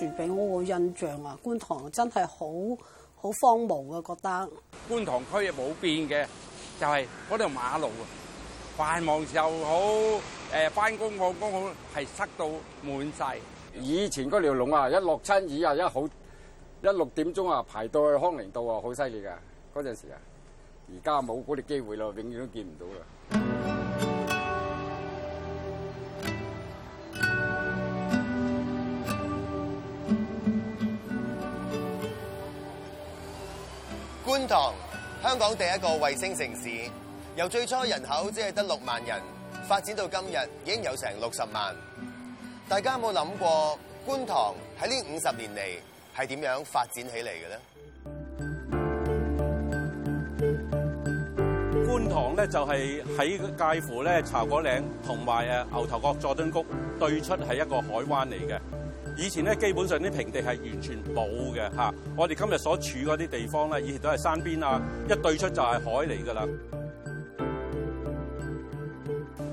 住俾我個印象啊！觀塘真係好好荒蕪啊，覺得觀塘區啊冇變嘅，就係、是、嗰條馬路啊，繁忙時候好誒，翻工放工好係塞到滿晒。以前嗰條龍啊，一落親雨啊，一好一六點鐘啊，排到去康寧道啊，好犀利噶。嗰陣時啊，而家冇嗰啲機會啦，永遠都見唔到啦。觀塘，香港第一個衛星城市，由最初人口只係得六萬人，發展到今日已經有成六十萬。大家有冇諗過觀塘喺呢五十年嚟係點樣發展起嚟嘅咧？觀塘咧就係喺介乎茶果嶺同埋誒牛頭角佐敦谷對出係一個海灣嚟嘅。以前咧，基本上啲平地係完全冇嘅嚇。我哋今日所處嗰啲地方咧，以前都係山邊啊，一對出就係海嚟㗎啦。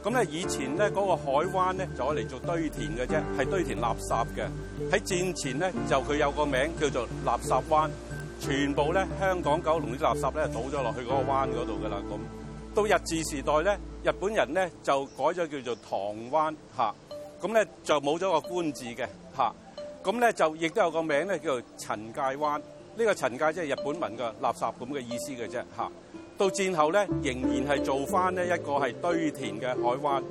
咁咧，以前咧嗰個海灣咧，就用嚟做堆填嘅啫，係堆填垃圾嘅。喺戰前咧，就佢有個名叫做垃圾灣，全部咧香港九龍啲垃圾咧倒咗落去嗰個灣嗰度㗎啦。咁到日治時代咧，日本人咧就改咗叫做塘灣嚇。咁咧就冇咗個官字嘅嚇，咁咧就亦都有個名咧叫陳界灣。呢、呢個陳界即係日本文嘅垃圾咁嘅意思嘅啫嚇。到戰後咧，仍然係做翻呢一個係堆填嘅海灣。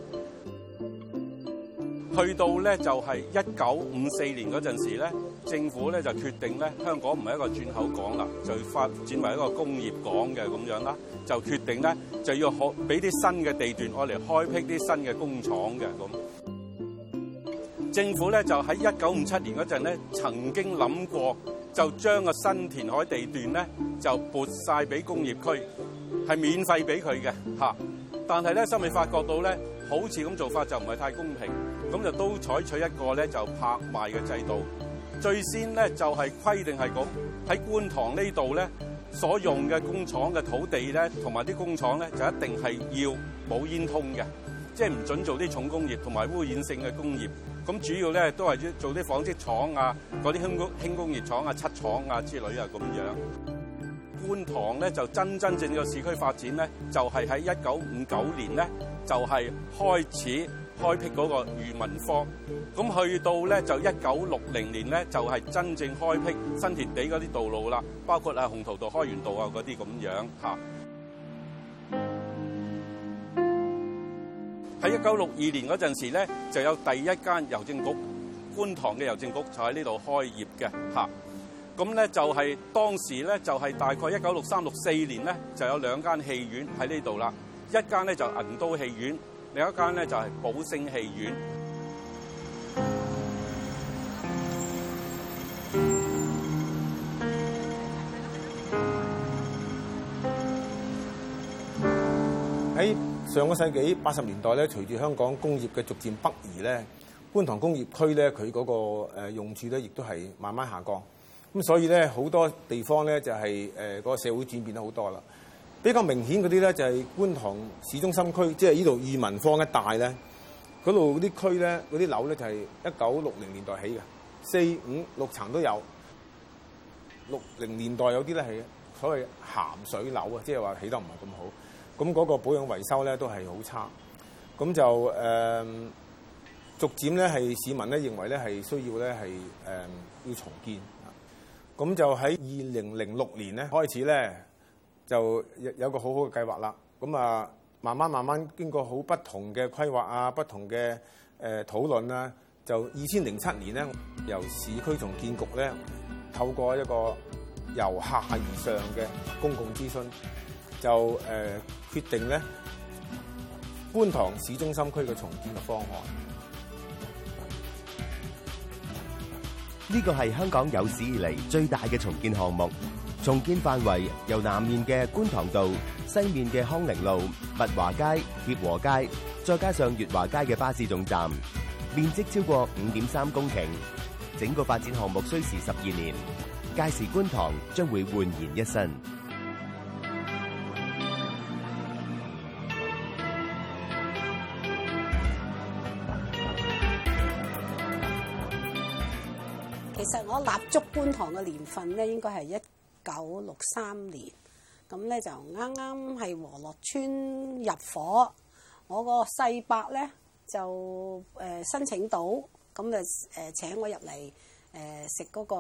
去到咧就係一九五四年嗰陣時咧，政府咧就決定咧香港唔係一個轉口港啦，就發展為一個工業港嘅咁樣啦，就決定咧就要畀俾啲新嘅地段愛嚟開辟啲新嘅工廠嘅咁。政府咧就喺一九五七年嗰陣咧，曾經諗過就將個新填海地段咧就撥曬俾工業區，係免費俾佢嘅吓。但係咧，收尾發覺到咧，好似咁做法就唔係太公平，咁就都採取一個咧就拍賣嘅制度。最先咧就係規定係咁喺觀塘呢度咧所用嘅工廠嘅土地咧同埋啲工廠咧就一定係要冇煙通嘅，即係唔准做啲重工業同埋污染性嘅工業。咁主要咧都係做啲紡織廠啊，嗰啲輕工輕工業廠啊、漆廠啊之類啊咁樣。觀塘咧就真真正個市區發展咧，就係喺一九五九年咧就係、是、開始開辟嗰個裕民坊，咁去到咧就一九六零年咧就係、是、真正開辟新田地嗰啲道路啦，包括啊鴻圖道、開源道啊嗰啲咁樣喺一九六二年嗰陣時咧，就有第一間郵政局，觀塘嘅郵政局就喺呢度開業嘅，嚇、啊。咁咧就係、是、當時咧就係、是、大概一九六三六四年咧就有兩間戲院喺呢度啦，一間咧就是、銀都戲院，另一間咧就係、是、寶星戲院。上個世紀八十年代咧，隨住香港工業嘅逐漸北移咧，觀塘工業區咧，佢嗰個用處咧，亦都係慢慢下降。咁所以咧，好多地方咧就係誒個社會轉變得好多啦。比較明顯嗰啲咧，就係觀塘市中心區，即係呢度裕民坊一帶咧，嗰度嗰啲區咧，嗰啲樓咧就係一九六零年代起嘅，四五六層都有。六零年代有啲咧係所謂鹹水樓啊，即係話起得唔係咁好。咁嗰個保養維修咧都係好差，咁就誒、呃、逐漸咧係市民咧認為咧係需要咧係誒要重建，咁就喺二零零六年咧開始咧就有個好好嘅計劃啦。咁啊，慢慢慢慢經過好不同嘅規劃啊、不同嘅誒討論啊，就二千零七年咧由市區重建局咧透過一個由下而上嘅公共諮詢。就、呃、決定咧觀塘市中心區嘅重建嘅方案，呢個係香港有史以嚟最大嘅重建項目。重建範圍由南面嘅觀塘道、西面嘅康寧路、物華街、協和街，再加上月華街嘅巴士總站，面積超過五點三公頃。整個發展項目需時十二年，屆時觀塘將會煥然一新。其實我踏足觀塘嘅年份咧，應該係一九六三年，咁咧就啱啱係和樂邨入伙。我個細伯咧就誒申請到，咁就誒請我入嚟誒食嗰個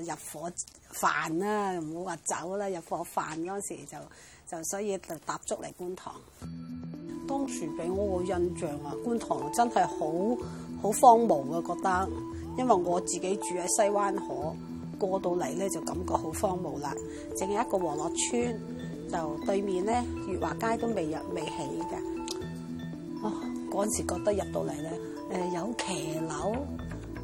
入伙飯啦，唔好話酒啦，入伙飯嗰時候就就所以就踏足嚟觀塘。當時俾我個印象啊，觀塘真係好好荒蕪啊，覺得。因為我自己住喺西灣河，過到嚟咧就感覺好荒蕪啦，淨係一個和樂邨，就對面咧月華街都未入未起嘅。哦，嗰陣時覺得入到嚟咧，誒、呃、有騎樓，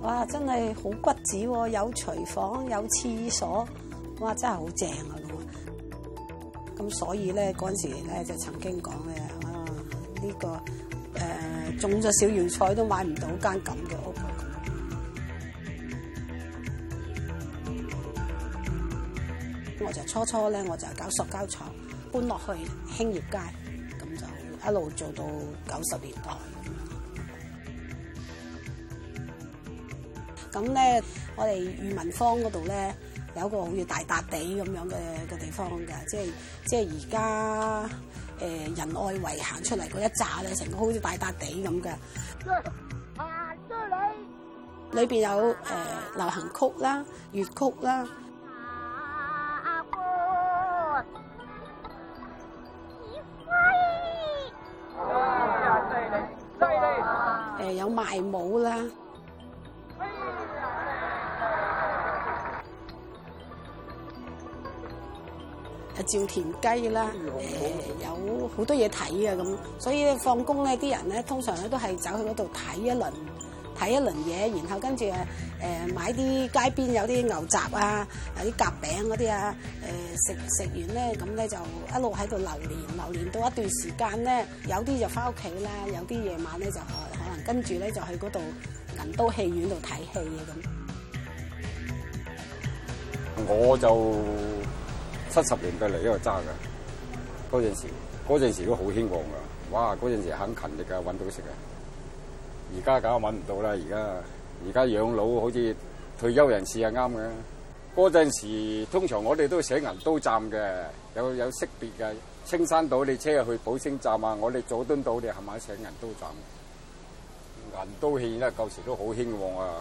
哇真係好骨子喎，哦，有廚房有廁所，哇真係好正啊，咁咁所以咧嗰陣時咧就曾經講誒，啊呢、呢個誒、呃、種咗小葉菜都買唔到間咁嘅。我就初初咧，我就搞塑膠廠，搬落去興業街，咁就一路做到九十年代。咁咧，我哋裕民坊嗰度咧，有一個好似大笪地咁樣嘅嘅地方嘅，即係即係而家誒仁愛圍行出嚟嗰一紮咧，成個好似大笪地咁噶。裏邊有誒、呃、流行曲啦，粵曲啦。大帽啦，係照 田雞啦，誒、 呃、有好多嘢睇啊咁，所以咧放工咧啲人咧通常咧都係走去嗰度睇一輪，睇一輪嘢，然後跟住誒買啲街邊有啲牛雜啊，有啲夾餅嗰啲啊，誒食食完咧咁咧就一路喺度流連，流連到一段時間咧，有啲就翻屋企啦，有啲夜晚咧就。呃跟住咧就去嗰度銀都戲院度睇戲嘅咁。我就七十年代嚟呢度揸嘅嗰陣時，嗰陣時都好興旺噶。哇！嗰陣時肯勤力噶，搵到食呀。而家梗係搵唔到啦。而家而家養老好似退休人士係，啱嘅嗰陣時。通常我哋都寫銀都站嘅，有有識別嘅青山島你車入去寶星站啊，我哋佐敦島你係咪寫銀都站，啊？銀都戲院咧，舊時都好興旺啊，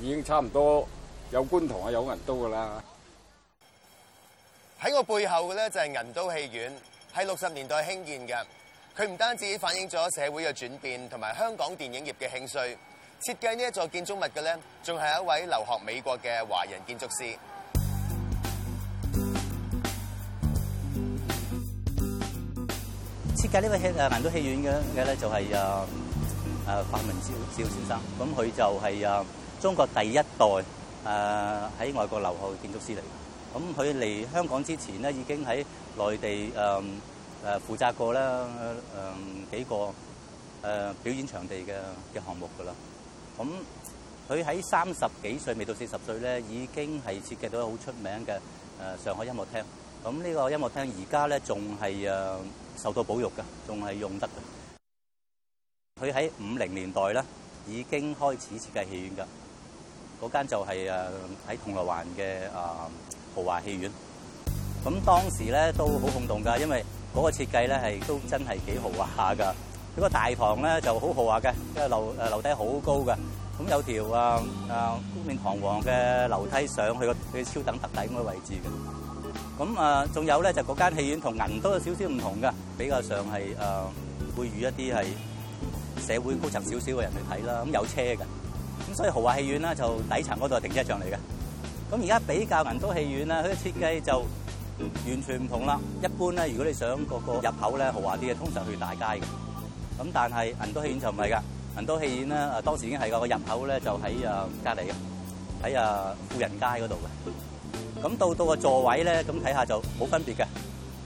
已經差唔多有觀塘啊，有銀都噶啦。喺我背後嘅咧就係銀都戲院，係六十年代興建嘅。佢唔單止反映咗社會嘅轉變，同埋香港電影業嘅興衰。設計呢一座建築物嘅咧，仲係一位留學美國嘅華人建築師。設計呢位誒銀都戲院嘅嘅咧就係、是、誒。誒，范文照照先生，咁佢就係誒中國第一代誒喺外國留學建築師嚟嘅。咁佢嚟香港之前咧，已經喺內地誒誒負責過啦誒幾個誒表演場地嘅嘅項目㗎啦。咁佢喺三十幾歲，未到四十歲咧，已經係設計到好出名嘅誒上海音樂廳。咁呢個音樂廳而家咧仲係誒受到保育嘅，仲係用得嘅。佢喺五零年代咧已經開始設計戲院㗎，嗰間就係誒喺銅鑼灣嘅誒豪華戲院。咁當時咧都好轟動㗎，因為嗰個設計咧係都真係幾豪華下㗎。佢個大堂咧就好豪華嘅，因為樓誒樓梯好高㗎，咁有條誒誒冠冕堂皇嘅樓梯上去個佢超等特等嗰個位置嘅。咁啊，仲有咧就嗰間戲院同銀都有少少唔同㗎，比較上係誒會遇一啲係。社會高層少少嘅人去睇啦，咁有車嘅，咁所以豪華戲院啦就底層嗰度係停車場嚟嘅。咁而家比較銀都戲院啦，佢設計就完全唔同啦。一般咧，如果你想嗰個入口咧豪華啲嘅，通常去大街嘅。咁但係銀都戲院就唔係㗎，銀都戲院咧啊當時已經係個入口咧就喺啊隔離嘅，喺啊富人街嗰度嘅。咁到到個座位咧，咁睇下就好分別嘅，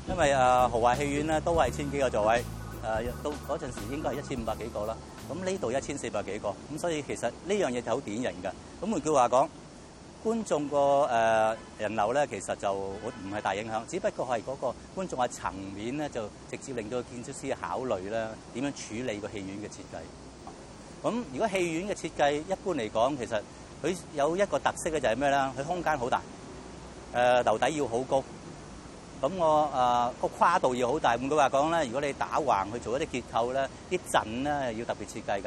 因為啊豪華戲院咧都係千幾個座位。誒到嗰陣時應該係一千五百幾個啦，咁呢度一千四百幾個，咁所以其實呢樣嘢就好典型嘅。咁換句話講，觀眾個誒人流咧，其實就唔係大影響，只不過係嗰個觀眾嘅層面咧，就直接令到建築師考慮咧，點樣處理個戲院嘅設計。咁如果戲院嘅設計一般嚟講，其實佢有一個特色嘅就係咩咧？佢空間好大，誒樓底要好高。咁我誒個跨度要好大，換句話講咧，如果你打橫去做一啲結構咧，啲震咧要特別設計嘅。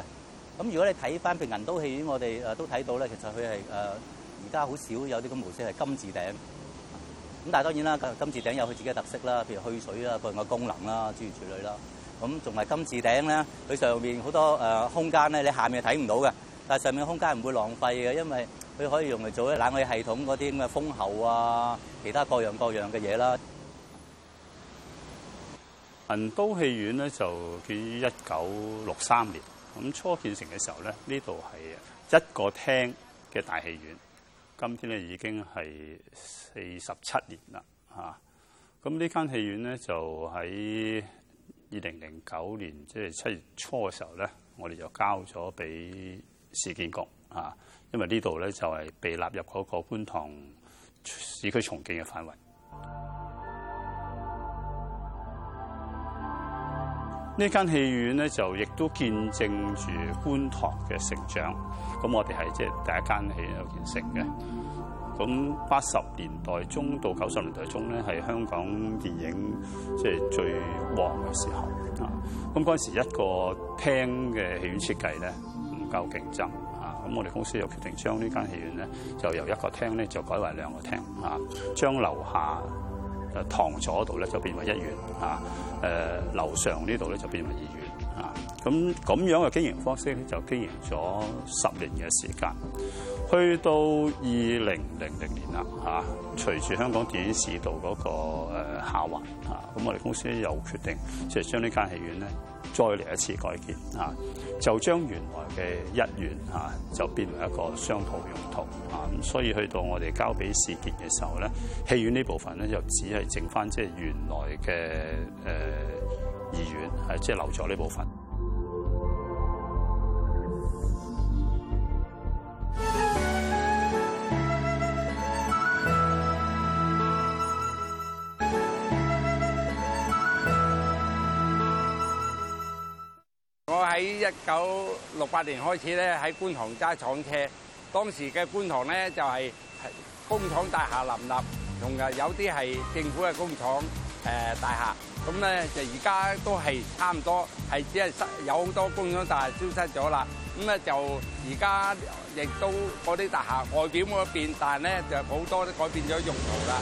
咁如果你睇翻譬如銀都戲院，我哋誒都睇到咧，其實佢係誒而家好少有啲咁模式係金字頂。咁但係當然啦，金字頂有佢自己嘅特色啦，譬如去水啦、各樣嘅功能啦、諸如此類啦。咁仲係金字頂咧，佢上面好多誒空間咧，你下面睇唔到嘅，但係上面嘅空間唔會浪費嘅，因為佢可以用嚟做啲冷氣系統嗰啲咁嘅風喉啊，其他各樣各樣嘅嘢啦。銀都戲院咧就建於一九六三年，咁初建成嘅時候咧，呢度係一個廳嘅大戲院。今天咧已經係四十七年啦，嚇！咁呢間戲院咧就喺二零零九年，即係七月初嘅時候咧，我哋就交咗俾市建局嚇，因為呢度咧就係被納入嗰個觀塘市區重建嘅範圍。呢間戲院咧就亦都見證住觀塘嘅成長，咁我哋係即係第一間戲院有建成嘅。咁八十年代中到九十年代中咧，係香港電影即係最旺嘅時候啊。咁嗰陣時一個廳嘅戲院設計咧唔夠競爭啊，咁我哋公司又決定將呢間戲院咧就由一個廳咧就改為兩個廳啊，將樓下，誒堂座嗰度咧就變為一院，啊、呃、誒，樓上呢度咧就變為二院，啊。咁咁樣嘅經營方式咧，就經營咗十年嘅時間。去到二零零零年啦，嚇、啊、隨住香港電影市道嗰、那個、呃、下滑咁、啊、我哋公司又決定即係將呢間戲院咧再嚟一次改建、啊、就將原來嘅一院、啊、就變為一個商鋪用途咁、啊、所以去到我哋交俾市建嘅時候咧，戲院呢部分咧就只係剩翻即係原來嘅誒、呃、二院係即係、就是、留咗呢部分。一九六八年開始咧，喺觀塘揸廠車。當時嘅觀塘咧就係工廠大廈林立，同啊有啲係政府嘅工廠誒大廈。咁咧就而家都係差唔多，係只係有好多工廠大廈消失咗啦。咁咧就而家亦都嗰啲大廈外表冇得變，但咧就好多都改變咗用途啦。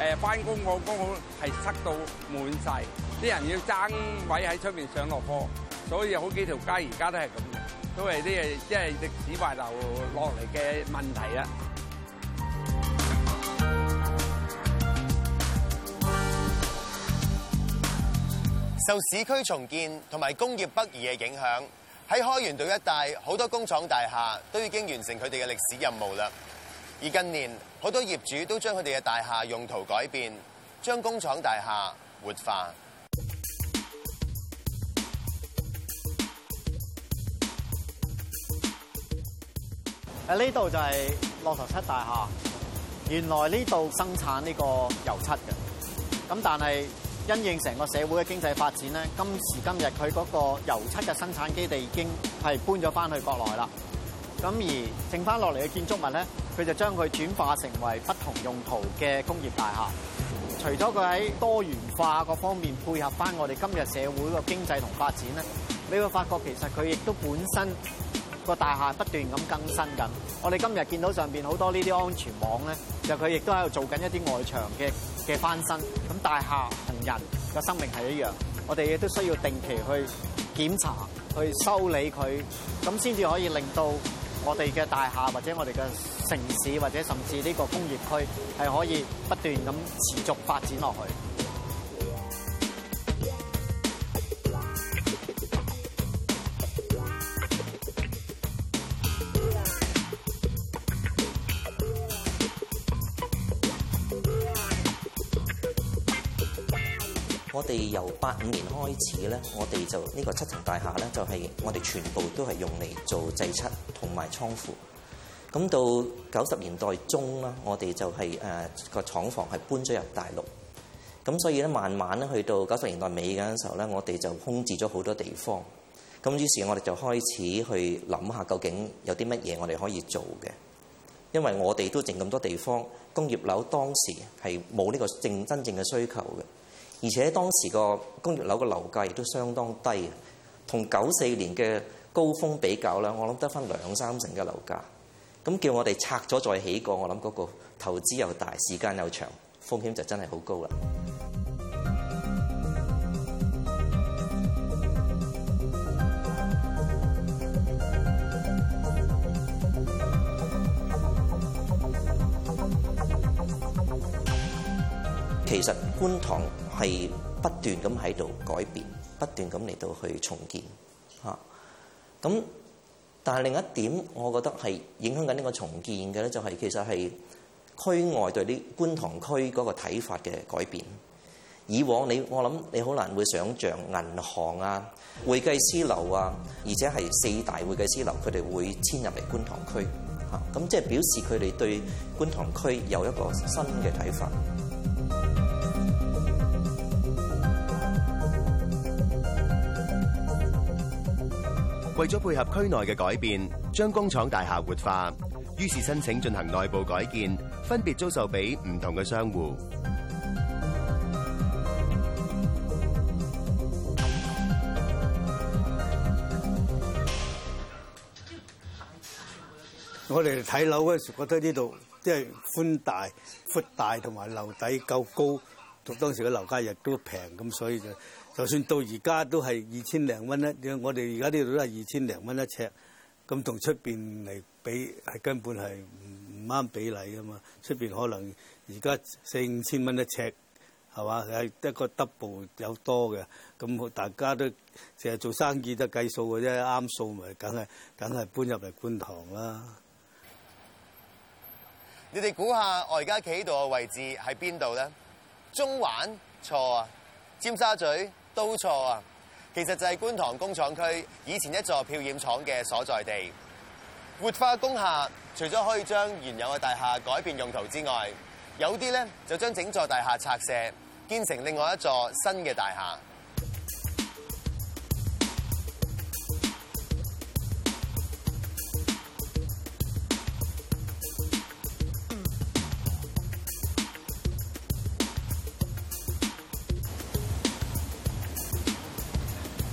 誒翻工我剛好係塞到滿晒。啲人要爭位喺出面上落貨，所以有好幾條街而家都係咁嘅，都係啲嘢，即係歷史遺留落嚟嘅問題啦。受市區重建同埋工業北移嘅影響，喺開源道一帶好多工廠大廈都已經完成佢哋嘅歷史任務啦，而近年，好多業主都將佢哋嘅大廈用途改變，將工廠大廈活化。啊！呢度就係駱駝漆大廈，原來呢度生產呢個油漆嘅。咁但係因應成個社會嘅經濟發展咧，今時今日佢嗰個油漆嘅生產基地已經係搬咗翻去國內啦。咁而剩翻落嚟嘅建築物咧。佢就將佢轉化成為不同用途嘅工業大廈，除咗佢喺多元化各方面配合返我哋今日社會嘅經濟同發展咧，你會發覺其實佢亦都本身個大廈不斷咁更新緊。我哋今日見到上面好多呢啲安全網咧，就佢亦都喺度做緊一啲外牆嘅嘅翻新。咁大廈同人嘅生命係一樣，我哋亦都需要定期去檢查、去修理佢，咁先至可以令到我哋嘅大廈，或者我哋嘅城市，或者甚至呢個工業區，係可以不斷咁持續發展落去。我哋由八五年開始咧，我哋就呢、呢個七層大廈咧、就係，就係我哋全部都係用嚟做製漆同埋倉庫。咁到九十年代中啦，我哋就係誒個廠房係搬咗入大陸。咁所以咧，慢慢咧去到九十年代尾嗰陣時候咧，我哋就空置咗好多地方。咁於是，我哋就開始去諗下究竟有啲乜嘢我哋可以做嘅，因為我哋都剩咁多地方，工業樓當時係冇呢個正真正嘅需求嘅。而且當時個工業樓嘅樓價亦都相當低，同九四年嘅高峰比較咧，我諗得返兩三成嘅樓價，咁叫我哋拆咗再起過，我諗嗰個投資又大，時間又長，風險就真係好高啦。其實觀塘係不斷咁喺度改變，不斷咁嚟到去重建嚇。咁、啊、但係另一點，我覺得係影響緊呢個重建嘅咧，就係其實係區外對呢觀塘區嗰個睇法嘅改變。以往你我諗你好難會想像銀行啊、會計師樓啊，而且係四大會計師樓佢哋會遷入嚟觀塘區嚇。咁、啊、即係表示佢哋對觀塘區有一個新嘅睇法。為咗配合區內嘅改變，將工廠大廈活化，於是申請進行內部改建，分別租售俾唔同嘅商戶。我哋睇樓嗰時，覺得呢度即係寬大、闊大，同埋樓底夠高，同當時嘅樓價亦都平，咁所以就。就算到而家都係二千零蚊一，我哋而家呢度都係二千零蚊一尺，咁同出邊嚟比係根本係唔唔啱比例㗎嘛！出邊可能而家四五千蚊一尺係嘛？係一個 double 有多嘅，咁大家都淨係做生意都計數嘅啫，啱數咪梗係梗係搬入嚟觀塘啦。你哋估下我而家企喺度嘅位置係邊度咧？中環？錯啊，尖沙咀。都錯啊，其實就係觀塘工廠區以前一座漂染廠嘅所在地。活化工廈，除咗可以將原有嘅大廈改變用途之外，有啲呢就將整座大廈拆卸，建成另外一座新嘅大廈。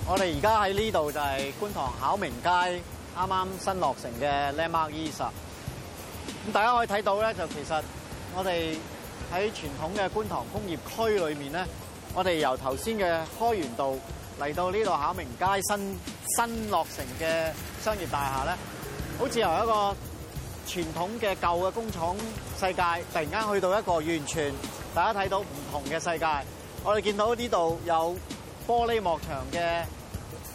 我哋而家喺呢度就係觀塘巧明街，啱啱新落成嘅 Landmark East。咁大家可以睇到咧，就其實我哋喺傳統嘅觀塘工業區裏面咧，我哋由頭先嘅開源道嚟到呢度巧明街新新落成嘅商業大廈咧，好似由一個傳統嘅舊嘅工廠世界，突然間去到一個完全大家睇到唔同嘅世界。我哋見到呢度有玻璃幕牆嘅。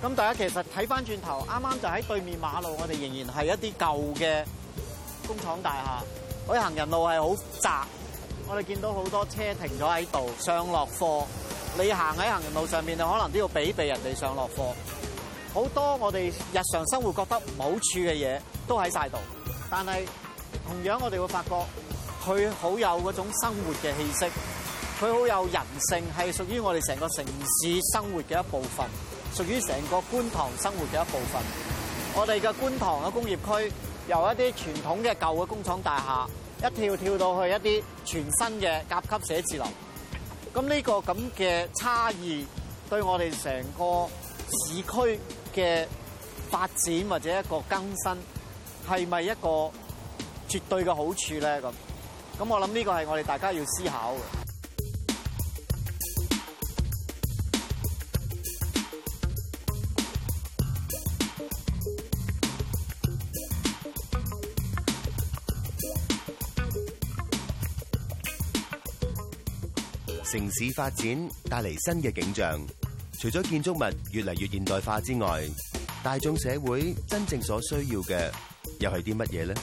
咁大家其實睇翻轉頭，啱啱就喺對面馬路，我哋仍然係一啲舊嘅工廠大廈。嗰啲行人路係好窄，我哋見到好多車停咗喺度上落貨。你行喺行人路上面，你可能都要避避人哋上落貨。好多我哋日常生活覺得唔好處嘅嘢都喺晒度，但係同樣我哋會發覺佢好有嗰種生活嘅氣息，佢好有人性，係屬於我哋成個城市生活嘅一部分。屬於成個觀塘生活嘅一部分。我哋嘅觀塘嘅工業區，由一啲傳統嘅舊嘅工廠大廈，一跳跳到去一啲全新嘅甲級寫字樓。咁呢個咁嘅差異，對我哋成個市區嘅發展或者一個更新，係咪一個絕對嘅好處咧？咁，咁我諗呢個係我哋大家要思考嘅。城市發展帶嚟新嘅景象，除咗建築物越嚟越現代化之外，大眾社會真正所需要嘅又係啲乜嘢呢？